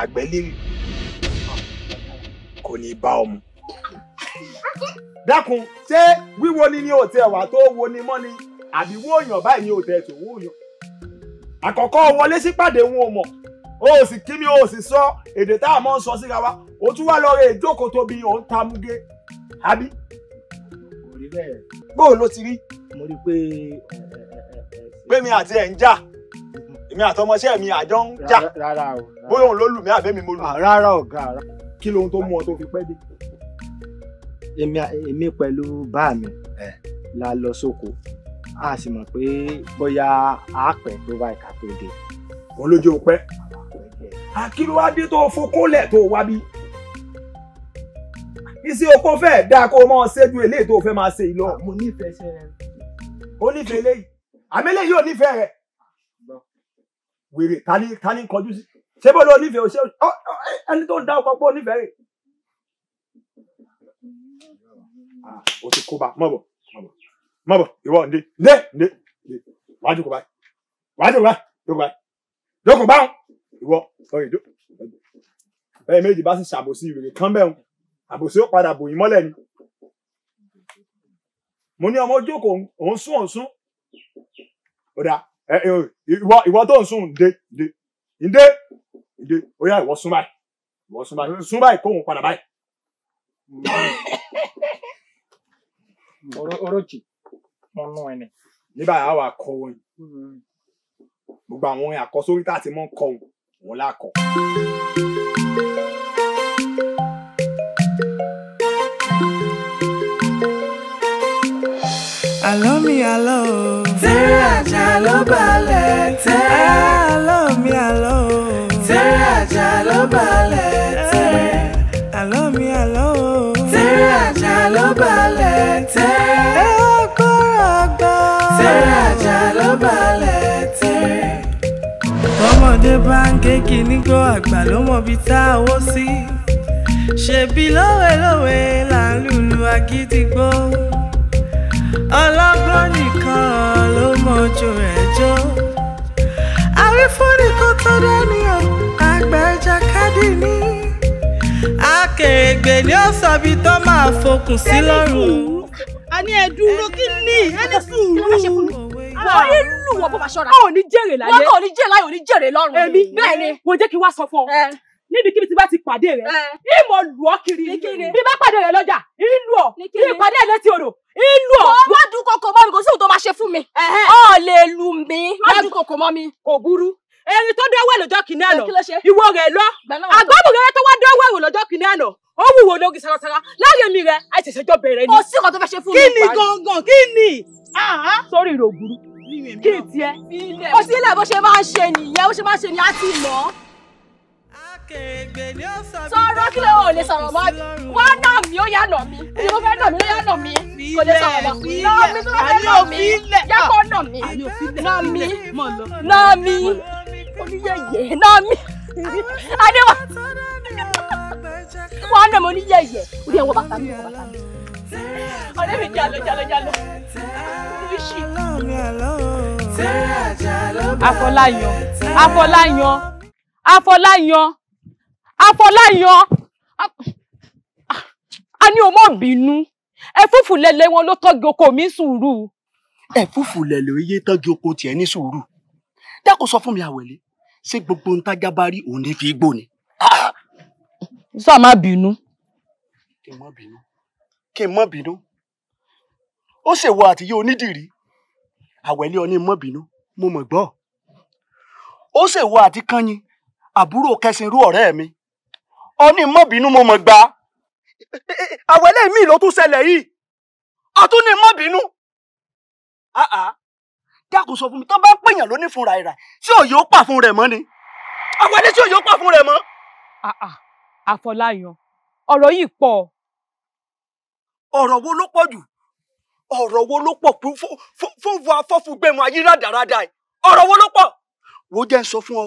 àgbélé kò ní bá ọmọ. dákun ṣé wíwo ni ni òtẹ wà tó wo ni mọ́ ni àbí wóòyàn báyìí ni òtẹ tó wóòyàn. àkọ́kọ́ wọlé sípàdé wọn ò mọ̀ o sì kí mi o sì sọ èdè tá a mọ̀ ń sọ síra wa o tún wá lọ rẹ ìjókòó tóbi òun ta muge àbí. bóò ló ti rí. mo rí i pé. pé mi àti ẹ̀ ń jà èmi àtọmọṣẹ́ mi àjọ ń jà bóyá òun ló lù mí àbẹ́mi mo lù. Ah, rárá ọ̀gá kí lohun tó mú ọ tó fi pẹ́ dé. èmi pẹ̀lú bá mi la lọ sóko a sì mọ̀ pé bóyá a pẹ̀ tó bá ìka tó dé. òun ló jẹ́ òpẹ́. àkìlú wa dé tó fokólẹ̀ tó wá bí. iṣẹ́ oko fẹ́ dáa kó o máa ṣe eléyìí tó o fẹ́ máa ṣe yìí ah, mo nífẹ̀ẹ́ sẹ́yìn. ó nífẹ̀ẹ́ eléyìí àmì eléyìí ò nífẹ̀ẹ́ rẹ̀ wèrè tani tani kọjú sí ṣé bó ló nífẹ̀ẹ́ ṣé ẹni tó ń dá ọkọ̀ pé ó nífẹ̀ẹ́ rẹ̀. Ah, o ti kó ba mọ̀ bọ̀ mọ̀ bọ̀ ìwọ ǹde ǹde ǹde wàá jókòó báyìí wàá jókòó báyìí jókòó báyìí jókòó báwọn ìwọ ọ̀rẹ́ jókòó bẹ́ẹ̀ méjì bá sì ṣàbòsí ìrèrè kan bẹ́ẹ̀ àbòsí ó padà bòyìn mọ́lẹ̀ ni mo ní ọmọ jókòó òun sún òun sún ó Eh, eh, ìwọ ìwọ tó ń sùn ǹde ǹde ǹde ǹde ó yá ìwọ sún ìwọ sún báyìí sún kóhun padà báyìí. orochi yà wà kọ wọn hmm. gbogbo àwọn orin àkọsórí tá a ti mọ kọ wọn là kọ. àlọ́ mi àlọ́ o tẹ́rẹ́ àjà ló balẹ̀ tẹ́rẹ́ àlọ́ mi àlọ́ o tẹ́rẹ́ àjà ló balẹ̀ tẹ́rẹ́ àlọ́ mi àlọ́ o tẹ́rẹ́ àjà ló balẹ̀ tẹ́rẹ́ ọgọ́rọ̀ ọgbọ́ tẹ́rẹ́ àjà ló balẹ̀ tẹ́rẹ́. ọmọdé bá ń gé kínní gbọ́ àgbà ló mọ̀ bí tá a wó sí ṣebí lówelówe là ń lùlù agídígbò ọlọ́gbọ́n nìkan fojú rẹ̀ jó. àwífúnni kò tó dání o àgbẹ̀jà kádì ní. akèrègbè ni ó sọbi tó máa fokùn sí lọ́rùn. a ní ẹ dúró kí ni ẹni sùúrù wọ́n rí lù wọ́n bó ma ṣọ́ra. wọn ò ní jèrè láyé wọn ò ní jèrè láyé ò ní jèrè lọ́rùn. èmi bẹ́ẹ̀ ni wọ́n jẹ́ kí wá sọ fún ọ níbikíbi tí bá ti pàdé rẹ ìmọ̀ lù ọ́ kiri bí bá pàdé rẹ lọ́jà ìlú ọ̀ ìpàdé ẹ̀ létí odò ìlú ọ. kò má dún kòkò mọ́ mi kò sí òun tó máa ṣe fún mi. ọ lè lù mí má dún kòkò mọ́ mi. kò burú ẹni tó dánwò lọ́jọ́ kìíní àná ìwọ rẹ̀ lọ àgbọ̀mùrẹ́ tó wá dánwò lọ́jọ́ kìíní àná ó wù wò lórí sarasara láàrin mi rẹ àìsèṣe jọ bẹ̀rẹ̀ ni. kò sí kan tó fẹ́ ṣe fún mi. kí ni gangan kí ni. sórí ìrògùrú kí n tiẹ̀. kò sí ilé bó ṣe máa ń ṣe nìyẹn bó ṣe máa ń ṣe nìyẹn á ti mọ̀ ọ́ kí ló ò lè sọ̀rọ̀ mọ́ wá nà mí ó yá nà mí tí mo fẹ́ nà mí ó yá nà mí kò lè sọ̀rọ̀ mọ́ nà mí tó fẹ́ nà mí yá kó nà mí nà mí nà mí oníyẹyẹ nà mí adéwà wà nà mí oníyẹyẹ orí ẹ̀ wọ bàtà mi wọ bàtà mi ọ̀rẹ́ mi jalo jalo jalo ibi ṣì. Afọláyan Afọláyan Afọláyan Afọláyan a ní o mọ̀ bínú ẹ̀fúfù lẹ̀lẹ̀ wọn ló tọ́gi oko mi sùúrù. ẹ̀fúfù lẹ̀lẹ̀ oyè tọ́gi oko tiẹ̀ ní sùúrù dákun sọ fún mi àwẹ̀lé ṣé gbogbo ń tájá bá rí òun ní fi gbó ni. sọ ma bínú. kí n má bínú kí n má bínú ó ṣèwọ àtìyé onídìrí àwẹ̀lé ọ ní mọ́ bínú mo mọ̀ gbọ́ ó ṣèwọ àti kanyin àbúrò kẹsìnrú ọ̀rẹ́ mi ọní mọ́bìnú mo mọ̀ gbà àwẹ̀lẹ́ mi ló tún ṣẹlẹ̀ yìí ọtún ní mọ́bìnú ah, ah. dákun sọ fún mi tó bá ń pèèyàn ló ní fúnra ẹ̀rà tí òye ó pà fún rẹ̀ mọ́ ni àwẹ̀lẹ́ tí òye ó pà fún rẹ̀ mọ́. Ah, àfọláyàn ọ̀rọ̀ yìí pọ̀. ọ̀rọ̀ wo ló pọ̀ jù ọ̀rọ̀ wo ló pọ̀ fún fún afọ́fúgbẹ́mu ayé rádaràda ẹ̀ ọ̀rọ̀ wo ló pọ̀. wo jẹ́ ń sọ fún ọ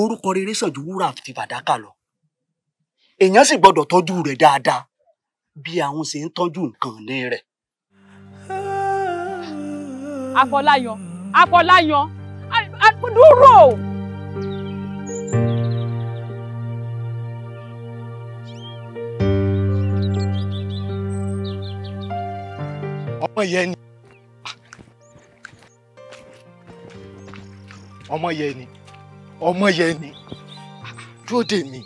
orúkọ rere sàn ju wúrà àti fàdákà lọ èèyàn sì gbọ́dọ̀ tọ́jú rẹ̀ dáadáa bí àwọn ṣe ń tọ́jú nǹkan ní rẹ̀. Afọláyan Afọláyan dúró. ọmọ yẹn ni ọmọ yẹn ni ọmọ yẹn ni dúró dè mí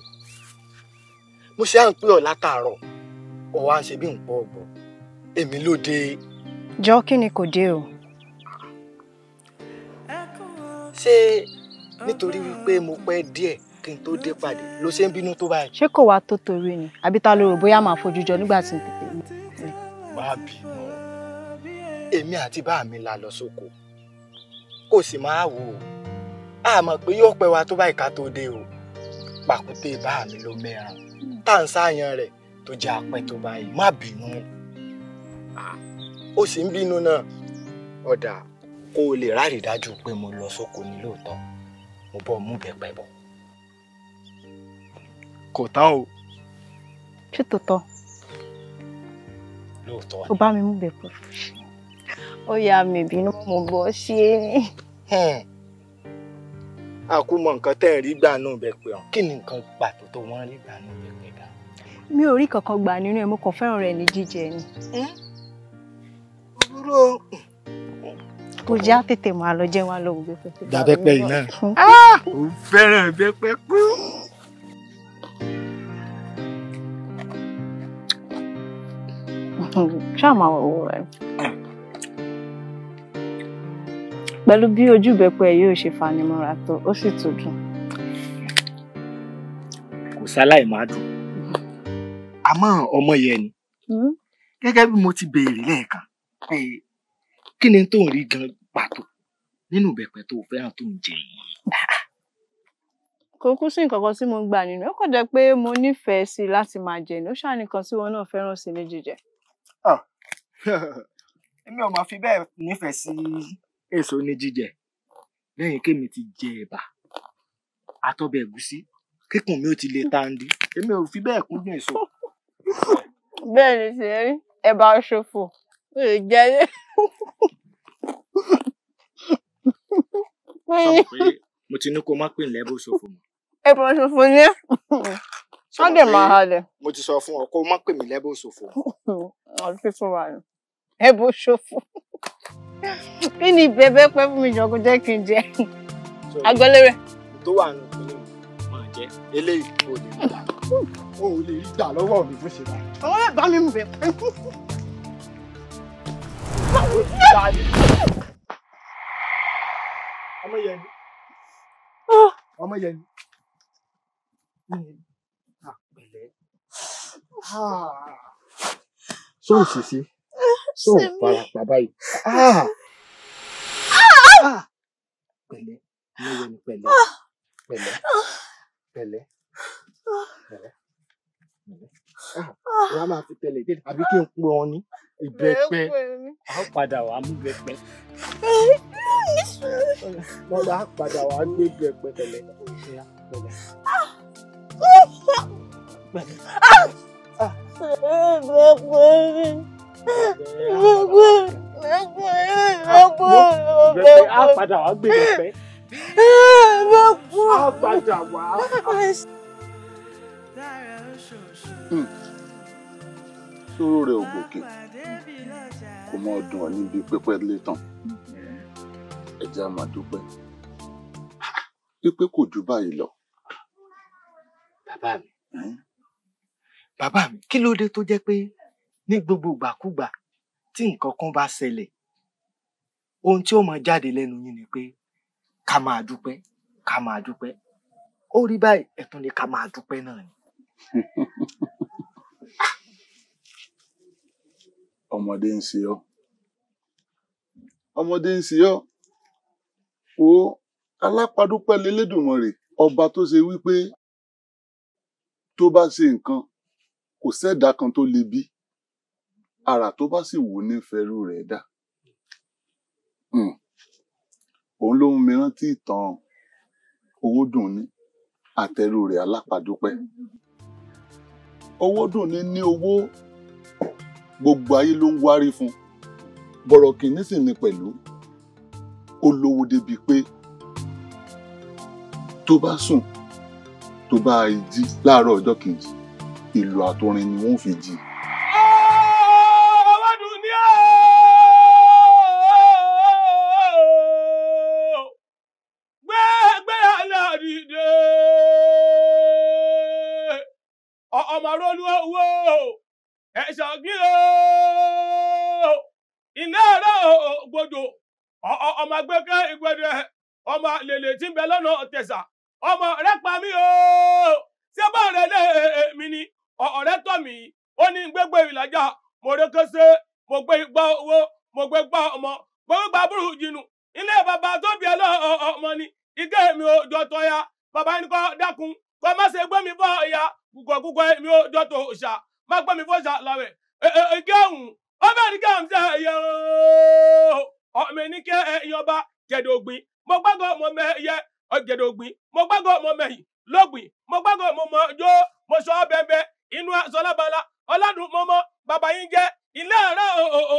mo ṣe à ń pè ọ́ látàárọ̀ ọ̀ wá ṣe bí nǹkan ọ̀gbọ̀n èmi ló dé. jọ kí ni kò dé o. ṣé nítorí wípé mo pẹ́ díẹ̀ kí n tó dé pàdé ló ṣe ń bínú tó báyìí. ṣé kò wá tó torí ni àbí ta ló rò bóyá máa fojú jọ nígbà tí n tètè mú. má bínú èmi àti bá mi la lọ sóko kò sì máa wò ó àmọ́ pé yóò pẹ́ wa tó báyìí ká tó dé o pàkúté bá mi ló mẹ́ran tá à ń sáyan rẹ̀ tó jẹ́ apẹ́ tó báyìí má bínú ó sì ń bínú náà ọ̀dà kó o lè ráàrí dájú pé mo lọ sóko ní lóòótọ́ mo bọ́ mú bẹ̀pẹ̀ bọ̀. kò tá o. ṣé tòótọ́. lóòótọ́ ni. o bá mi mú bẹ̀pẹ̀. ó yà mí bínú mo bọ́ ṣe é àkúmọ̀ nǹkan tẹ́ ẹ̀ rí gbà nù bẹ̀pẹ̀ hàn kí ni nǹkan pàtó tó wọ́n rí gbà nù bẹ̀pẹ̀ gan. mi ò rí kankan gbà nínú ẹ mo kàn fẹ́ràn rẹ ní jíjẹ ni. Hm? òwúrò. kò já tètè máa lọ jẹ́ wọn lọ́wọ́ bẹ́pẹ́. dàbẹ́pẹ́ yìí náà ó hm. ah! fẹ́ràn bẹ́pẹ́ kú. ṣáà máa wọ̀ wọ̀ rẹ̀. pẹ̀lú bí ojú ìbẹ́pẹ yóò ṣe fanimọ́ra tó ó sì tún dùn. kò sáláì máa dùn àmọ́ ọmọ yẹn ni hmm? gẹ́gẹ́ bí mo ti béèrè lẹ́ẹ̀kan pé kí ni tó ń rí gan pàtó nínú ìbẹ́pẹ tó fẹ́ràn tó ń jẹ yìí. kò kú sí nǹkan kan tí mo gbà nínú ẹ kò jẹ́ pé mo nífẹ̀ẹ́ sí i láti máa jẹ ní ó ṣàní kan tí wọn náà fẹ́ràn sí ní jíjẹ. Ah! èmi ò mọ̀ fi bẹ́ẹ̀ nífẹ̀ẹ́ sí èso ní jíjẹ lẹ́yìn kémi ti jẹ ẹ̀bà àtọbẹ̀ ẹ̀gúsí kíkùn mi ò ti lè tandi èmi ò fi bẹ́ẹ̀ kúndùn èso. bẹ́ẹ̀ ni ṣe rí ẹ̀bà ṣòfò ó lè jẹ́ ẹ́. sọ pé mo ti ní kó má pè lẹ́bù ṣòfò mọ́. ẹ̀bà ṣòfò ni ẹ́ wọ́n dẹ̀ máa halẹ̀. mo ti sọ fún ọ kó má pè mí lẹ́bù ṣòfò. ọ̀rọ̀ fífún wa ni ẹ̀bù ṣòfò kí ni bẹ́ẹ̀ pẹ́ fún mi jọ kó jẹ́ kí n jẹ agbẹ́lẹ́rẹ́. tó wà nù kí ni mà jẹ eléyìí kò lè rí gbà o ò lè rí gbà lọ́wọ́ mi bó ṣe bá. àwọn ẹ̀ mi mú bẹ́ẹ̀. ọmọ yẹn ọmọ yẹn àpẹlẹ. sóòsì sí. So, ń fara pa báyìí. Ah! Ah! Ah! pẹ̀lẹ́ lọ́wọ́ ni pẹ̀lẹ́ pẹ̀lẹ́ pẹ̀lẹ́ pẹ̀lẹ́ wọ́n á máa fi tẹ̀lé dé àbí kí n pè wọn ní ìbẹ́pẹ a ó padà wàá mú bẹ́pẹ. wọ́n bá padà wàá gbé bẹ́pẹ tẹ̀lé pẹ̀lẹ́ pẹ̀lẹ́. Bẹ́pẹ. Ìgbẹ́pẹ́ á padà wá gbé ìgbẹ́pẹ́. Á padà wá. Sóró rẹ̀ ò gòkè, kò mọ ọdún ọ̀ níbi pípẹ́ létàn. Ẹ jẹ́ á máa dúpẹ́. Pípẹ́ kò ju báyìí lọ. Bàbá mi. Bàbá mi, kí ló dé tó jẹ́ pé ní gbogbo ìgbàkúgbà tí nǹkan kan bá ṣẹlẹ̀ ohun tí ó mọ jáde lẹ́nu yín ni pé ká máa dúpẹ́ ká máa dúpẹ́ ó rí báyìí ẹ̀tún ni ká máa dúpẹ́ náà ni. ọmọdé ń ṣe ọ ọmọdé ń ṣe ọ wo alápàdúpẹ́ lélẹ́dùnmọ̀rẹ̀ ọba tó ṣe wípé tó bá ṣe nǹkan kò sẹ́dá kan tó le bí àrà tó bá sì wù ní fẹrú rẹ̀ dá hmm. òun ló ń mìíràn tí ìtàn owó dùn ní àtẹrù rẹ̀ alápàdúpẹ́ owó dùn ní ní owó gbogbo ayé ló ń wárí fún bọ̀rọ̀ kìíní sì ni pẹ̀lú ó lówó débi pé tó bá sùn tó bá jí láàárọ̀ ọjọ́ kejì ìlú àtọrin ni wọ́n fi jí tí ń bẹ lọ́nà ọ̀tẹ̀sà ọmọ ọ̀rẹ́ pa mí o ṣé bá ọ̀rẹ́ lé mi ni ọ̀rẹ́ tọ̀ mí ó ní gbégbé ìlàjà mo rékésé mo gbé owó mo gbé ọmọ ilé bàbá tó bí ẹ lọ ọmọ ni mi ò ya bàbá yín kọ́ dákun kọ́ má ṣe gbé ya gùgọ̀gùgọ̀ mi ò jọ tó má gbé mi fọ́ ṣà ọbẹ̀ kí mo gbàgbọ́ mo mẹ yẹ ọ̀gẹ̀dẹ̀ ògbìn mo gbàgbọ́ mo yìí lógbìn mo gbàgbọ́ mo mọ yó mo sọ bẹ́ẹ̀bẹ́ inú aṣọ lábala mo mọ bàbá yín jẹ́ ilé ọ̀rọ̀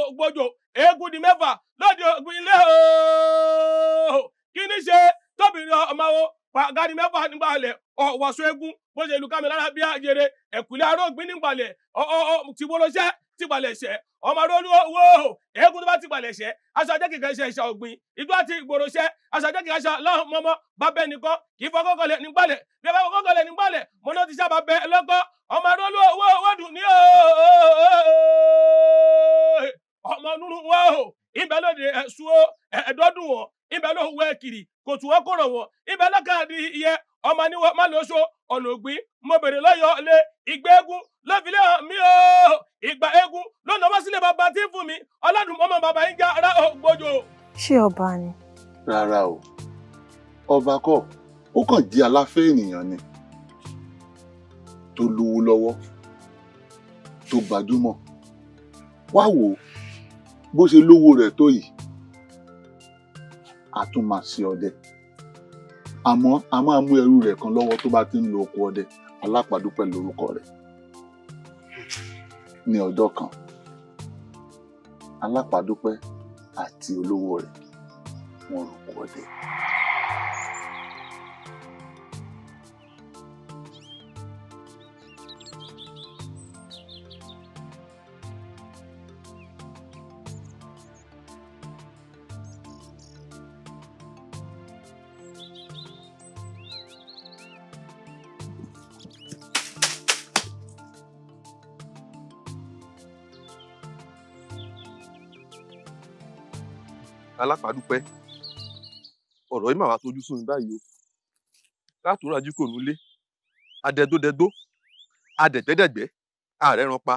ògbójò eégún di mẹ́fà lóde ilé ooo kí ni ṣe tóbi ọmọ wo bó ṣe lùkàmì lára bí àjèrè ẹ̀kúlẹ̀ arógbin nígbàlẹ̀ ti wọlọ́ṣẹ́ ti gbàlẹ̀ ṣẹ́ ọmọ rólú owó eégún tó bá ti gbàlẹ̀ ṣẹ́ aṣọ ajẹ́ kìkan ṣe ẹ̀ṣẹ̀ ọ̀gbìn ìgbó àti ìgboro ṣẹ́ aṣọ ajẹ́ kìkan ṣe lọ́mọmọ bábẹ́ nìkan kì í fọkọ́ kọlẹ̀ nígbàlẹ̀ bí ẹ bá fọkọ́ kọlẹ̀ nígbàlẹ̀ mo náà ti ṣá bàbẹ́ lọ́kọ́ ọmọ rólú owó owó dùn ní ọmọ nínú wọn o ìbẹ̀ lóde ẹ̀sùn ẹ̀ẹ́dọ́dún wọn ìbẹ̀ ló wẹ̀ kiri kò tù wọ́n kóró wọn ìbẹ̀ lọ́kàn àdìyẹ ọmọ ní wọ́n má lọ so ọ̀nàgbín mo bèrè lọ́yọ̀ lé ìgbà eégún lọ́fìlẹ̀ hàn mí o ìgbà eégún lọ́nà wá sílẹ̀ bàbá tí fún mi ọlọ́dún ọmọ bàbá yín já ara ògbójò. ṣé ọba ni. rárá o ọba kọ́ ó kàn di aláfẹ́ ènìyàn ni tó lówó lọ́wọ́ tó gbajúmọ̀ wá wò ó bó ṣe lówó rẹ̀ tó yìí a tún máa ṣe ọdẹ àmọ́ a máa mú ẹrú rẹ̀ kan lọ́wọ́ tó bá ti ń lo oko ọdẹ alápàdúpẹ́ lórúkọ rẹ̀ ní ọjọ́ kan alápàdúpẹ́ àti olówó rẹ̀ wọ́n roko ọdẹ. aláfàdúpẹ́ ọ̀rọ̀ yìí mà wá tójú sómi báyìí o látòrò ajíkò nulé adẹdódẹdó adẹ̀tẹ́dẹ̀gbẹ́ ààrẹ ran pa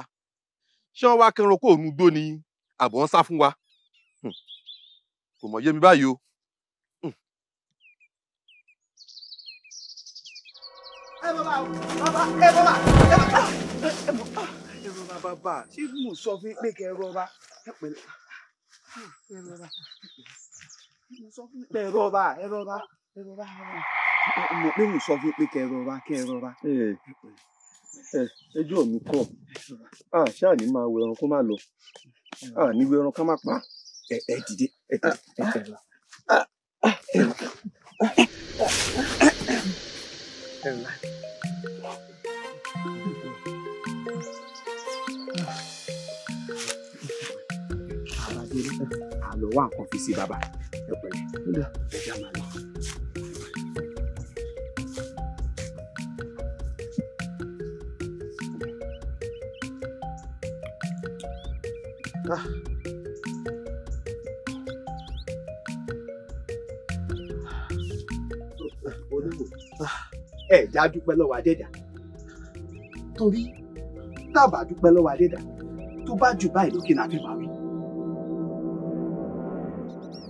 ṣé wọ́n wá kẹran kó òun gbó ni àbọ̀ ń sá fún wa hmm. kò mọ̀ yé mi báyìí o. Hmm. ẹ bàbá ẹ bàbá ẹ bàbá ẹ bàbá ṣé mo sọ fún yín pé kẹ ẹ rọra ẹ pẹ̀lẹ́ ẹ rọra ẹ rọra ẹ rọra ẹ rọra mo pé mo sọ fún pé kẹ rọra kẹ rọra. ẹjọ́ mi kọ̀ ṣáà ní máa wo ẹran kó má lọ ní wo ẹran ká má pa ẹ dìde ẹ tẹ̀lé. lọ wá nǹkan fi sí bàbá ẹ pẹ̀lú nígbà ẹ já máa lọ. Ah. ah. ẹ̀já dúpẹ́ lọ́wọ́ adẹ́dà torí tábà dúpẹ́ lọ́wọ́ adẹ́dà tó bá jù báyìí lókè náà fẹ́ máa wí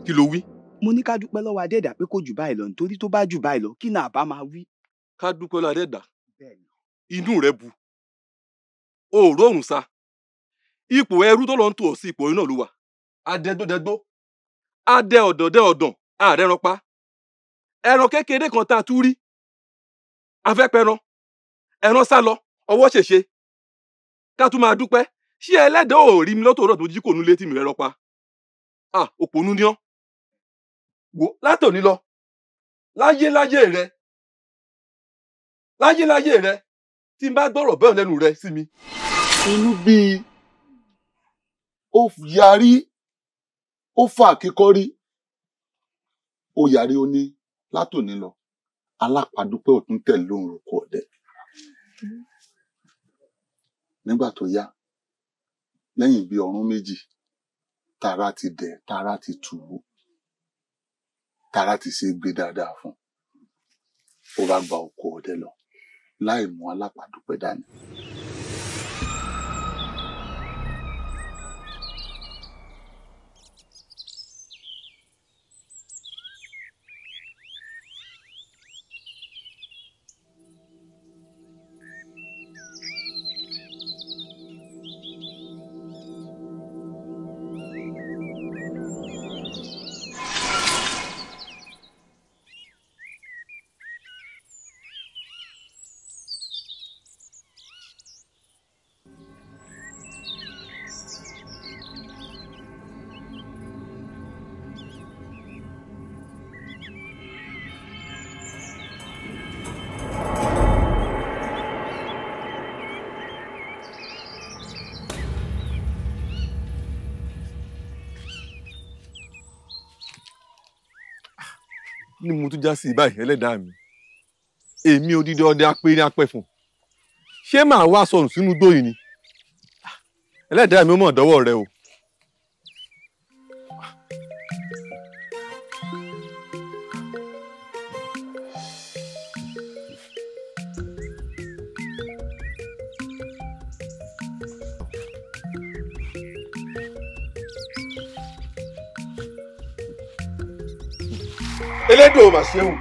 kí ló wí. mo ní ká dúpẹ́ lọ́wọ́ adẹ́dà pé kò jù báyìí lọ nítorí tó bá jù báyìí lọ kí náà bá máa wí. ká dúpẹ́ lọ́wọ́ adẹ́dà inú rẹ bu òòrò òrùn sa ipò ẹrú tó lọ ń tò sí ipò iná ló wà adẹ́dódẹ́dó adẹ ọ̀dọ̀dẹ́ ọ̀dàn ààrẹ ẹran pa ẹran kékeré kan tá a tún rí afẹ́pẹ́ran ẹran sá lọ ọwọ́ ṣèṣe ká tún máa dúpẹ́ ṣé ẹlẹ́dẹ̀ ò rí mi lọ́tọ̀ ọ̀rọ̀ tó jí kò nu létí mi rẹ rọpa ah òpònú ni ọ́ wò látòní lọ láyéláyé rẹ láyéláyé rẹ tí n bá gbọ́rọ̀ bẹ́ẹ̀ lẹ́nu rẹ sí mi. inú bí ó yarí ó fa àkíkọ́rí ó yarí ó ní látòní lọ alápàdúpẹ́ ọ̀tún tẹ̀lé òun roko ọ̀dẹ. nígbà tó yá lẹ́yìn bíi ọ̀rún méjì tara ti dẹ̀ tara ti tù ú tára ti ṣe gbé dáadáa fún ó bá gba òkú ọdẹ lọ láì mú alápàdúpẹ́ dání. ni mo tún já sí báyìí ẹlẹ́dàá mi èmi odidi ọdẹ apẹ́rí apẹ́fun ṣé màá wá sọnù sínú gbòyìn ni ẹlẹ́dàá mi ó mọ̀ dọ́wọ́ rẹ o. elédò mà ṣeun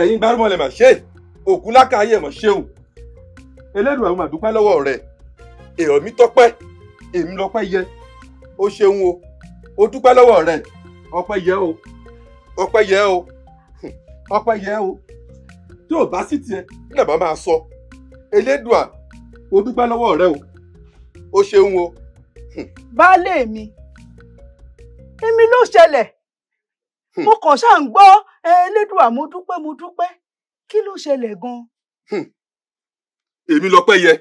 ẹ̀yin gbárùmọ̀lẹ̀ mà ṣe òkú lákàáyé mà ṣeun elédò àwọn àdúpẹ́ lọ́wọ́ rẹ̀ èrò mi tọ́pẹ́ èmi lọ́pẹ́ yẹ ó ṣeun o ó dúpẹ́ lọ́wọ́ rẹ̀ ọpẹ́ yẹ o ọpẹ́ yẹ o ọpẹ́ yẹ o tí ò bá sí tiẹ̀ ní àbá máa sọ elédùà ó dúpẹ́ lọ́wọ́ rẹ o ó ṣeun o. baálé mi èmi ló ṣẹlẹ̀ Hmm. mo kàn ṣáà ń gbọ́ elédùà mo dúpẹ́ mo dúpẹ́ kí ló ṣẹlẹ̀ gan-an. Hmm. èmi lọpẹ́ yẹ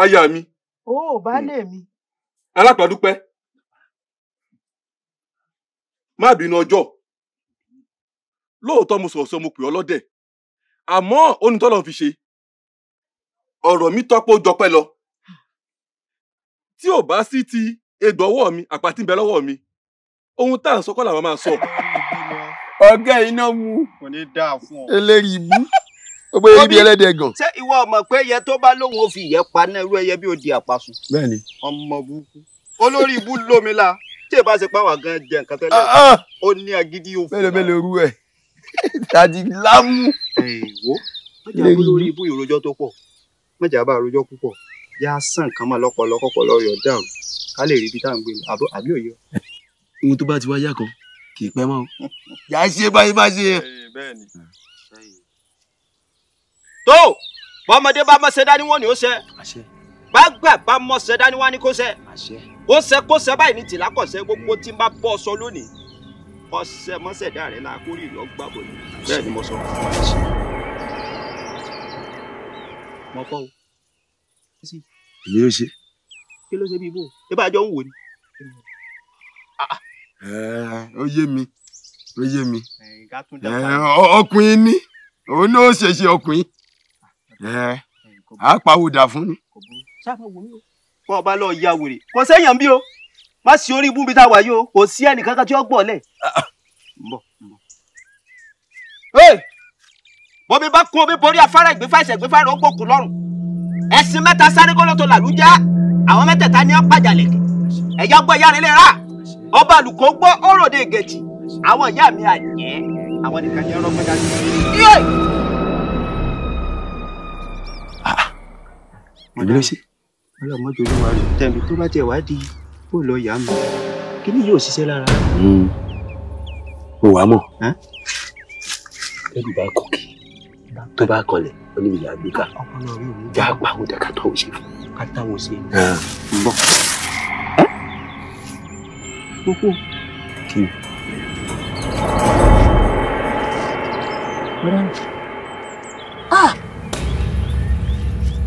aya mi. o ò bá lè hmm. mi. alápàdúpẹ́ má bínú ọjọ́ lóòótọ́ mo sọ̀rọ̀ sọ mo pè ọ́ lọ́dẹ̀ àmọ́ onítọ́lọ́ fi ṣe ọ̀rọ̀ mi tọ́pọ̀ jọpẹ́ lọ tí ò bá sí ti egbò ọwọ́ mi àpàtì ń bẹ lọ́wọ́ mi ohun tá à ń sọ kọ́ làwọn máa sọ. ọ̀gá iná mu eléyìí ibú gbogbo eyín bíi ẹlẹ́dẹ̀ gan. ṣé ìwọ ọmọ pé ẹyẹ tó bá lóun ò fi ìyẹ́ pa náà irú ẹyẹ bí ó di àpasùn. bẹ́ẹ̀ni. ọmọ burúkú olórí ibú lómi la tí èbá ṣe páwà gan jẹ nǹkan tẹ́lẹ̀ ah, ah! ó ní agídí òfin. mélòó mélòó rú ẹ tàdí lámú. ẹ̀wọ́ mẹ́jà bó lórí ibú ìròjọ́ tó pọ̀ mẹ́jà bá ká lè rí ibi tá à ń gbé lọ àbí òye o. ohun tó bá ti wá yá kan kì í pẹ́ mọ́. yà á ṣe báyìí bá ṣe. tó bọ́mọdé bá mọ̀ ṣe dání wọ́n ni ó ṣe gbàgbà bá mọ̀ ṣe dání wọ́n ni kò ṣe kó ṣe kó ṣe báyìí ní tìlá kò ṣe gbogbo tí n bá bọ́ sọ lónìí kò ṣe mọ́ṣẹ̀dá rẹ̀ la kórè bọ̀ ni bẹ́ẹ̀ ni mo sọ. mo fọ́ o. èmi ló ṣe kí ló ṣe bí ibò ṣé bá a jọ ń wò ni. Ah, ah. Eh, ó yé mi ó yé mi eh, eh, ọkùnrin ni òun ló ṣèṣe ọkùnrin àpàwòdà fún ni. bọ́ọ̀ bá lọ ya wèrè kò sẹ́yìn bí o má sí orí ibú mi tá a wà yìí o kò sí ẹnìkan kan tí ó gbọ́ lẹ̀. bọ́bí bá kú omi borí afárá ìgbéfàṣẹ̀ ìgbéfàṣẹ̀ ó gbòkú lọ́rùn ẹ̀sìn mẹ́ta sáré kólótó làlújá àwọn mẹ́tẹ̀ẹ̀ta ni wọ́n pàjálẹ̀ kì ẹ̀yà gbọ́ ìyá rẹ̀ rà ọba àlùkò gbọ́ òròde ìgèjì àwọn ìyá mi àjẹ́ àwọn nìkan jẹ́ ọlọ́gbọ́n dání. ìlọsí ah, ah. ọlọmọdé olúwa rẹ tẹmí tó bá tiẹ̀ wá di kó lọ yà á mọ kí ni yóò ṣiṣẹ́ lára. Hmm. o wà á mọ̀ tẹ́lú bá kọ̀kì tó bá kọlẹ̀ ó ní ìyá àgbéká já pàwọn dẹ́ka tó ń ṣe fún un. Kata táwọn ṣe ń bọ̀. kókó kì í.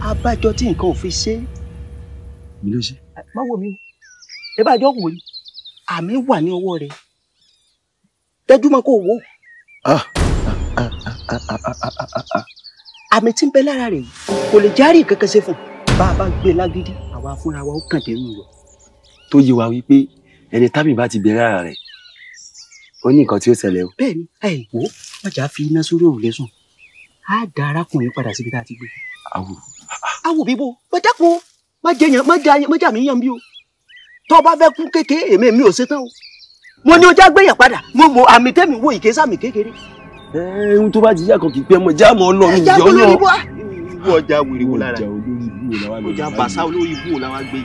abájọ tí nǹkan ò fi ṣe. mi ló ṣe. má wò mí o ẹ bá jọ wò ni àmì wà ní ọwọ́ rẹ tẹjú mọ́ kó wò. àmì tí ń bẹ lára rẹ kò lè járì kankan ṣe fún un bá a bá gbé lágídí àwa fúnra wa ó kàn dé nù lọ tó yé wa wípé ẹni tábì bá ti bẹ̀rẹ̀ ara rẹ̀ ó ní nǹkan tí ó ṣẹlẹ̀ o. bẹ́ẹ̀ni ẹ wò ó ọjà fi iná sórí òrùlé sùn á da arákùnrin padà síbi tá a ti gbé. awo. awo bíbo mo dákun má jẹ yàn má jẹ yàn má jà mí yàn bí o tó bá fẹ́ kú kékeré èmi mi ò ṣetán o mo ní ọjà gbẹ̀yàn padà mo mọ àmì tẹ́mi wo ìkésámi kékeré. ẹ ohun tó bá ti yá kan kì í pẹ́ mọ jáàmù ọlọ́run ìyọ́ náà irú ọjà wèrè wo lára ọjà bàṣà olórí ibú wo làwọn gbé.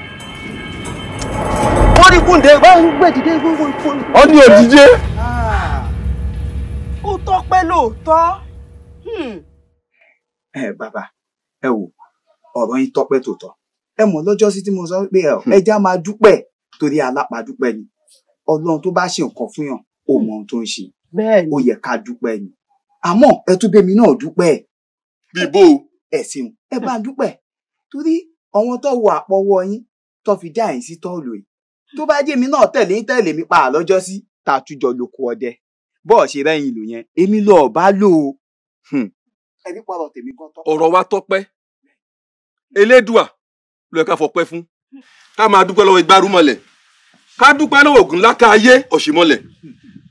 wọ́n ní kúndé báwọn gbé dìde gbogbo ìfọ̀nù. ọ ní òjijé. Ah. ó tọpẹ́ lóòótọ́. ẹ hmm. eh, bàbá ẹ wò ọ̀rọ̀ yín tọpẹ́ tòótọ́ ẹ mọ̀ lọ́jọ́ sí tí mo sọ pé eh, hmm. ẹja máa dúpẹ́ torí alápàdúpẹ́ ni ọlọ́run tó bá ṣe nǹkan fún yàn ó mọ ohun tó ń ṣe ó yẹ ká dúpẹ́ ni àmọ́ ẹ tún bẹ́mi náà dúpẹ́. bíbó ẹ ẹ bá dúpẹ́ torí àwọn tó wọ àpọwọ yín tó fi dá yín sí tọọlù yìí tó bá jẹ́ èmi náà tẹ̀lé ń tẹ̀lé mi pa àlọ́jọ́ sí tá a tújọ lóko ọdẹ bọ́ọ̀ ṣe rẹ́yìn lò yẹn èmi lọ bá lò ó. Hmm. ọ̀rọ̀ wa tọ́pẹ́ elédùà ló yẹ ká fọpẹ́ fún ká máa dúpẹ́ lọ́wọ́ ìgbárùmọ̀lẹ̀ ká dúpẹ́ lọ́wọ́ ògùn láká ayé ọ̀ṣìmọ̀lẹ̀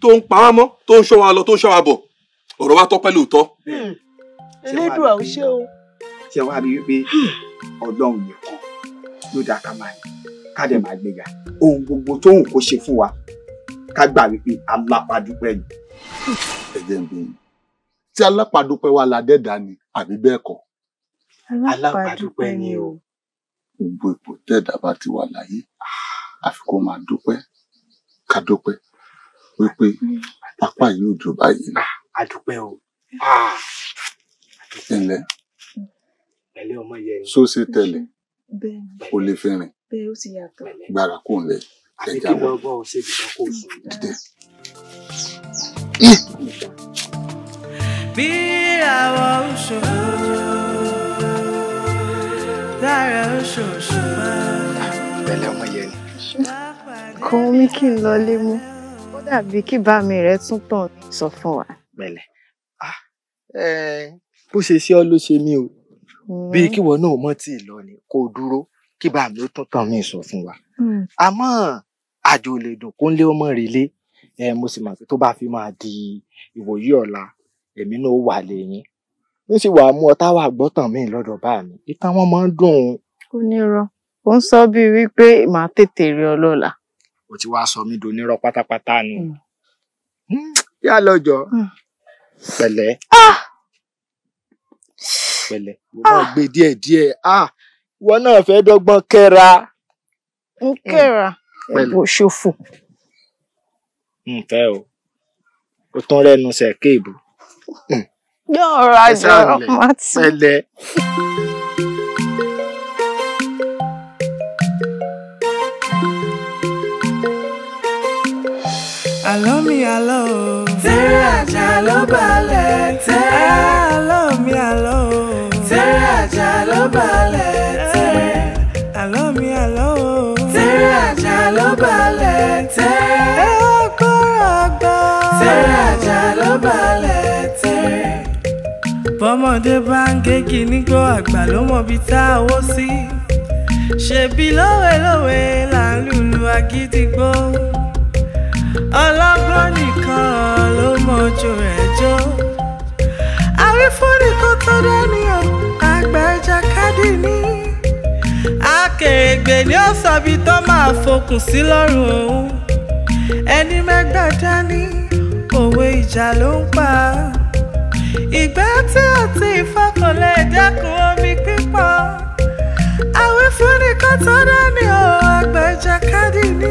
tó ń pa wá mọ́ tó ń ṣọ́ wa lọ tó ń ṣọ́ wa bọ̀ ọ̀rọ̀ wa tọ́pẹ́ lóòótọ́. Hmm. elédùà ò ṣe o ṣe wá rí wípé hmm. ọlọ́run nìkan ló dáa ká máa ká dẹ̀ máa gbéga ohun gbogbo tóun kó ṣe fún wa ká gbà wípé alápàdúpẹ́ ni. ẹ jẹ́ n tí alápàdúpẹ́ wa la ni àbí bẹ́ẹ̀ kọ́. alápàdúpẹ́ ni o. gbogbo ipò tẹ́ẹ̀dá bá ti wà láyé àfi kó máa dúpẹ́ ká dúpẹ́ wípé apá hmm. yìí ò jù báyìí. Ah, a o. ẹ ǹlẹ́ pẹ̀lẹ́ ọmọ yẹ ni. so ṣe tẹ̀lé o lè fi rìn gbàrà kò ń lẹ ẹja wọn. àbíkí lọ́ọ́ bọ́ ọ ṣe bìkan kó o sùn. bí àwọn oṣù lára oṣooṣù máa. pẹ̀lẹ́ ọmọ yẹn ni. kò mí kí n lọ lé ó dàbí kí bàmí rẹ tún tàn sọ fún wa. pẹ̀lẹ́ ah, bó ṣe ṣe ọ ló ṣe mí o bíi mm-hmm. kí wọn náà mọ̀ tí ì lọ ni kó dúró kí bá mi ó tún tàn mí sọ fún wa. Mm. àmọ́ àjò lè dùn kó ń lé ọmọ rẹ̀ lé mo sì mọ̀ pé tó bá fi máa di ìwòyí ọ̀la èmi náà wà lẹ́yìn ó sì wàá mú ọtá wà gbọ́tàn mí lọ́dọ̀ bá mi ìtàn wọn máa ń dùn. ó nírọ́ ó ń sọ bíi wípé màá tètè rí ọ lọ́la. ó ti wáá sọ mí donírọ́ pátápátá ni. Mm. Hmm, yá lọ́jọ́ mm. ah pẹ̀lẹ́pẹ̀lẹ́ mo ah! máa gbé díẹ̀ díẹ̀ ah ìwọ náà fẹ́ dọ́gbọ́n kẹ́ra. ń kẹ́ra ẹ̀bù ṣòfò. n fẹ́ o o tún rẹ́nu sẹ̀kẹ́ ìbò. yóò rajà mọ́tì. pẹ̀lẹ́. àlọ́ mi àlọ́ o. tẹ́rẹ̀ ló balẹ̀ tẹ́rẹ̀. bọ́mọdé bá ń gégi nígbó àgbà ló mọ̀ bí tá a wó sí ṣèbí lówelówe là ń lùlù agídígbò ọlọ́gbọ́n nìkan ló mọ ojú rẹ̀ jó àwífúnni kó tó dánìyàn àgbà kádì ní akèrègbè ni ó sọ bí tó máa fokùn sí lọ́rùn òun ẹni mẹ́gbàá dání òwe ìjà ló ń pa á ìgbà tí ó ti fọkànlẹ̀ dẹ́kun omi pípọ̀ àwífúnni kan tó dání o àgbẹ̀jẹ̀ kádì ní.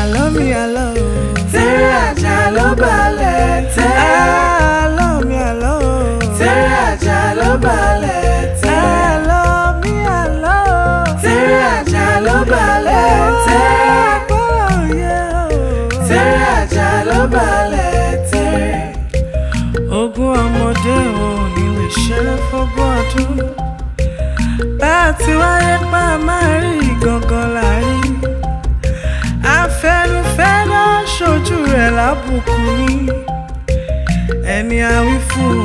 àlọ́ mi àlọ́ o. tẹ́rẹ̀ àjà ló balẹ̀ tẹ́rẹ̀. àlọ́ mi àlọ́ o. àwí fún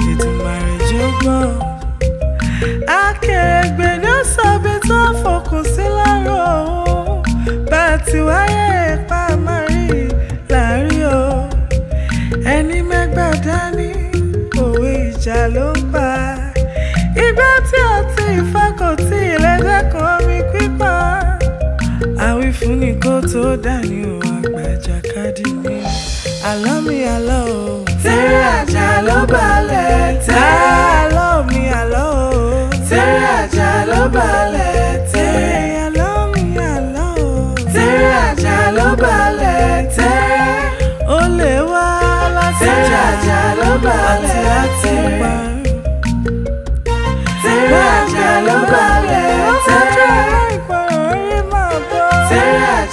kìtì màrìjì ọgbọ́n. akèrègbè ni ó sọ̀bi tó fòkùn sí lárò ó bá a ti wáyé ipa mari láàrin o ẹni mẹ́gbà dání òwe ìjà ló ń pa igbá tí ọtí ìfakọ̀tì ìlẹ́gbẹ́ kan mi pípa àwífún ni kó tó dání o àgbà jàkadì àlọ́ mi àlọ́ o. tẹ́rẹ́ àjà ló balẹ̀ tẹ́. àlọ́ mi àlọ́ o. tẹ́rẹ́ àjà ló balẹ̀ tẹ́. àlọ́ mi àlọ́ o. tẹ́rẹ́ àjà ló balẹ̀ tẹ́. ó lè wá láti tẹ́rẹ́ àjà ló balẹ̀ tẹ́. tẹ́rẹ́ àjà ló balẹ̀ tẹ́. tẹ́rẹ́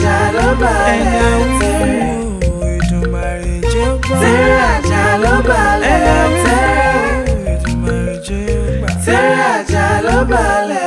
àjà ló balẹ̀ tẹ́. ló balẹ̀ tẹ́rẹ̀ tẹ́rẹ̀ ajá ló balẹ̀.